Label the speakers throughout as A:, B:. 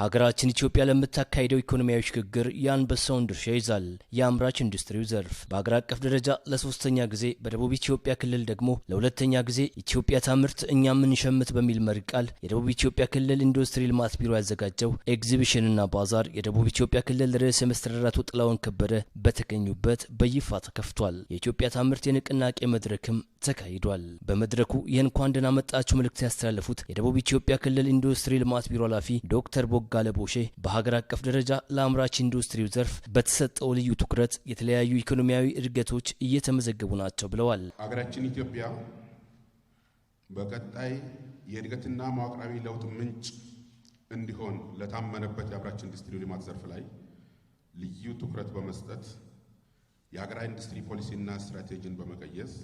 A: ሀገራችን ኢትዮጵያ ለምታካሄደው ኢኮኖሚያዊ ሽግግር የአንበሳውን ድርሻ ይዛል የአምራች ኢንዱስትሪው ዘርፍ። በአገር አቀፍ ደረጃ ለሶስተኛ ጊዜ በደቡብ ኢትዮጵያ ክልል ደግሞ ለሁለተኛ ጊዜ ኢትዮጵያ ታምርት እኛ ምንሸምት በሚል መሪ ቃል የደቡብ ኢትዮጵያ ክልል ኢንዱስትሪ ልማት ቢሮ ያዘጋጀው ኤግዚቢሽንና ባዛር የደቡብ ኢትዮጵያ ክልል ርዕሰ መስተዳድር አቶ ጥላሁን ከበደ በተገኙበት በይፋ ተከፍቷል። የኢትዮጵያ ታምርት የንቅናቄ መድረክም ተካሂዷል። በመድረኩ ይህን ደህና መጣችሁ መልእክት ያስተላለፉት የደቡብ ኢትዮጵያ ክልል ኢንዱስትሪ ልማት ቢሮ ኃላፊ ዶክተር ቦ ሞጋለ ቦሼ በሀገር አቀፍ ደረጃ ለአምራች ኢንዱስትሪው ዘርፍ በተሰጠው ልዩ ትኩረት የተለያዩ ኢኮኖሚያዊ እድገቶች እየተመዘገቡ ናቸው ብለዋል።
B: ሀገራችን ኢትዮጵያ በቀጣይ የእድገትና መዋቅራዊ ለውጥ ምንጭ እንዲሆን ለታመነበት የአምራች ኢንዱስትሪ ልማት ዘርፍ ላይ ልዩ ትኩረት በመስጠት የሀገራዊ ኢንዱስትሪ ፖሊሲና ስትራቴጂን በመቀየስ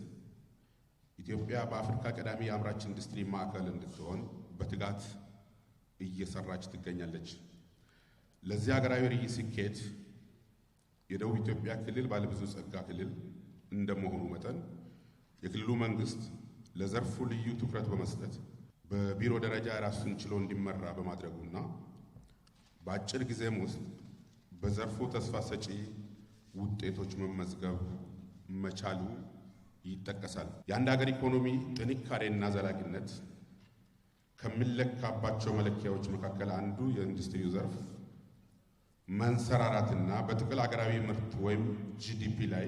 B: ኢትዮጵያ በአፍሪካ ቀዳሚ የአምራች ኢንዱስትሪ ማዕከል እንድትሆን በትጋት እየሰራች ትገኛለች። ለዚህ ሀገራዊ ርዕይ ስኬት የደቡብ ኢትዮጵያ ክልል ባለብዙ ጸጋ ክልል እንደመሆኑ መጠን የክልሉ መንግስት ለዘርፉ ልዩ ትኩረት በመስጠት በቢሮ ደረጃ ራሱን ችሎ እንዲመራ በማድረጉና በአጭር ጊዜም ውስጥ በዘርፉ ተስፋ ሰጪ ውጤቶች መመዝገብ መቻሉ ይጠቀሳል። የአንድ ሀገር ኢኮኖሚ ጥንካሬና ዘላቂነት ከሚለካባቸው መለኪያዎች መካከል አንዱ የኢንዱስትሪው ዘርፍ መንሰራራትና በጥቅል አገራዊ ምርት ወይም ጂዲፒ ላይ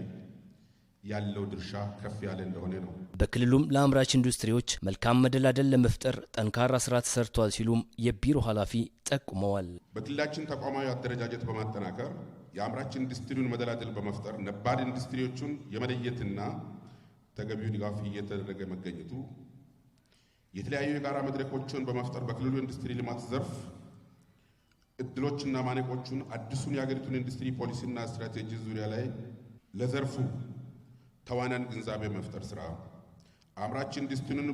B: ያለው ድርሻ ከፍ ያለ እንደሆነ ነው።
A: በክልሉም ለአምራች ኢንዱስትሪዎች መልካም መደላደል ለመፍጠር ጠንካራ ስራ ተሰርቷል ሲሉም የቢሮ ኃላፊ ጠቁመዋል።
B: በክልላችን ተቋማዊ አደረጃጀት በማጠናከር የአምራች ኢንዱስትሪውን መደላደል በመፍጠር ነባር ኢንዱስትሪዎቹን የመለየትና ተገቢው ድጋፍ እየተደረገ መገኘቱ የተለያዩ የጋራ መድረኮችን በመፍጠር በክልሉ ኢንዱስትሪ ልማት ዘርፍ እድሎችና ማነቆቹን አዲሱን የሀገሪቱን ኢንዱስትሪ ፖሊሲና ስትራቴጂ ዙሪያ ላይ ለዘርፉ ተዋናን ግንዛቤ መፍጠር ስራ አምራች ኢንዱስትሪን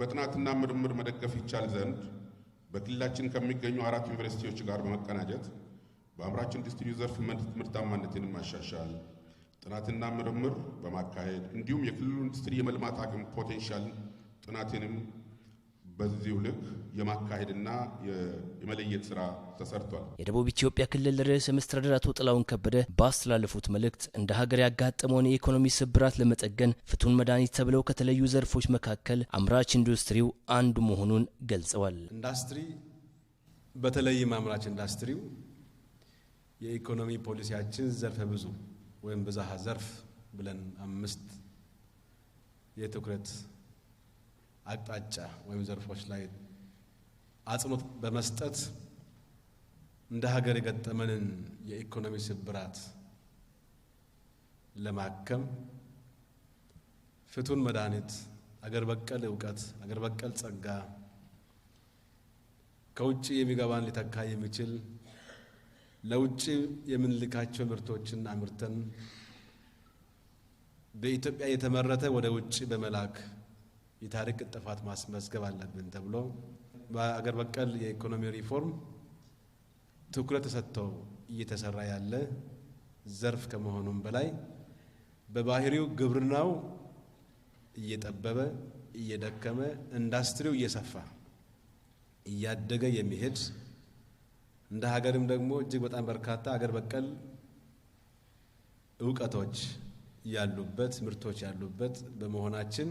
B: በጥናትና ምርምር መደገፍ ይቻል ዘንድ በክልላችን ከሚገኙ አራት ዩኒቨርሲቲዎች ጋር በመቀናጀት በአምራች ኢንዱስትሪ ዘርፍ ምርታማነትን ማሻሻል ጥናትና ምርምር በማካሄድ እንዲሁም የክልሉ ኢንዱስትሪ የመልማት አቅም ፖቴንሻል ጥናትንም በዚሁ ልክ የማካሄድና የመለየት ስራ ተሰርቷል።
A: የደቡብ ኢትዮጵያ ክልል ርዕሰ መስተዳድር አቶ ጥላሁን ከበደ ባስተላለፉት መልእክት እንደ ሀገር ያጋጠመውን የኢኮኖሚ ስብራት ለመጠገን ፍቱን መድኃኒት ተብለው ከተለዩ ዘርፎች መካከል አምራች ኢንዱስትሪው አንዱ መሆኑን ገልጸዋል።
B: ኢንዱስትሪ በተለይም አምራች ኢንዱስትሪው የኢኮኖሚ ፖሊሲያችን ዘርፈ ብዙ ወይም ብዝሃ ዘርፍ ብለን አምስት የትኩረት አቅጣጫ ወይም ዘርፎች ላይ አጽንኦት በመስጠት እንደ ሀገር የገጠመንን የኢኮኖሚ ስብራት ለማከም ፍቱን መድኃኒት፣ አገር በቀል እውቀት፣ አገር በቀል ጸጋ ከውጭ የሚገባን ሊተካ የሚችል ለውጭ የምንልካቸው ምርቶችን አምርተን በኢትዮጵያ የተመረተ ወደ ውጭ በመላክ የታሪክ ጥፋት ማስመዝገብ አለብን ተብሎ በአገር በቀል የኢኮኖሚ ሪፎርም ትኩረት ተሰጥቶ እየተሰራ ያለ ዘርፍ ከመሆኑም በላይ በባህሪው ግብርናው እየጠበበ እየደከመ ኢንዳስትሪው እየሰፋ እያደገ የሚሄድ እንደ ሀገርም ደግሞ እጅግ በጣም በርካታ አገር በቀል እውቀቶች ያሉበት ምርቶች ያሉበት በመሆናችን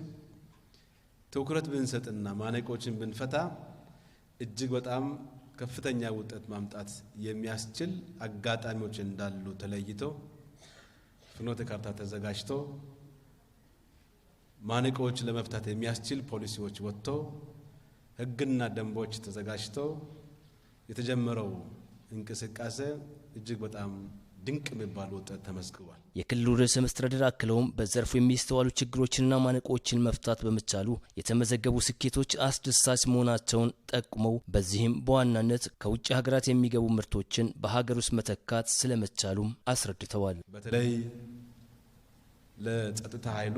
B: ትኩረት ብንሰጥና ማነቆችን ብንፈታ እጅግ በጣም ከፍተኛ ውጤት ማምጣት የሚያስችል አጋጣሚዎች እንዳሉ ተለይቶ ፍኖተ ካርታ ተዘጋጅቶ ማነቆዎች ለመፍታት የሚያስችል ፖሊሲዎች ወጥቶ ሕግና ደንቦች ተዘጋጅቶ የተጀመረው እንቅስቃሴ እጅግ በጣም ድንቅ የሚባል ወጣት ተመዝግቧል።
A: የክልሉ ርዕሰ መስተዳድር አክለውም በዘርፉ የሚስተዋሉ ችግሮችንና ማነቆችን መፍታት በመቻሉ የተመዘገቡ ስኬቶች አስደሳች መሆናቸውን ጠቁመው በዚህም በዋናነት ከውጭ ሀገራት የሚገቡ ምርቶችን በሀገር ውስጥ መተካት ስለመቻሉም አስረድተዋል።
B: በተለይ ለጸጥታ ኃይሉ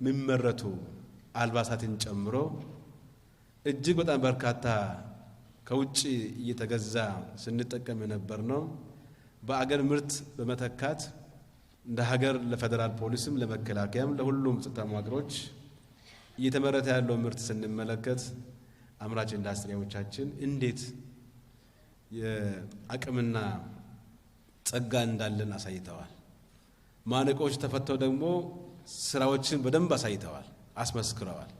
B: የሚመረቱ አልባሳትን ጨምሮ እጅግ በጣም በርካታ ከውጭ እየተገዛ ስንጠቀም የነበር ነው በአገር ምርት በመተካት እንደ ሀገር ለፌደራል ፖሊስም ለመከላከያም ለሁሉም ጸጥታ መዋቅሮች እየተመረተ ያለው ምርት ስንመለከት አምራች ኢንዱስትሪዎቻችን እንዴት የአቅምና ጸጋ እንዳለን አሳይተዋል። ማነቆች ተፈተው ደግሞ ስራዎችን በደንብ አሳይተዋል፣ አስመስክረዋል።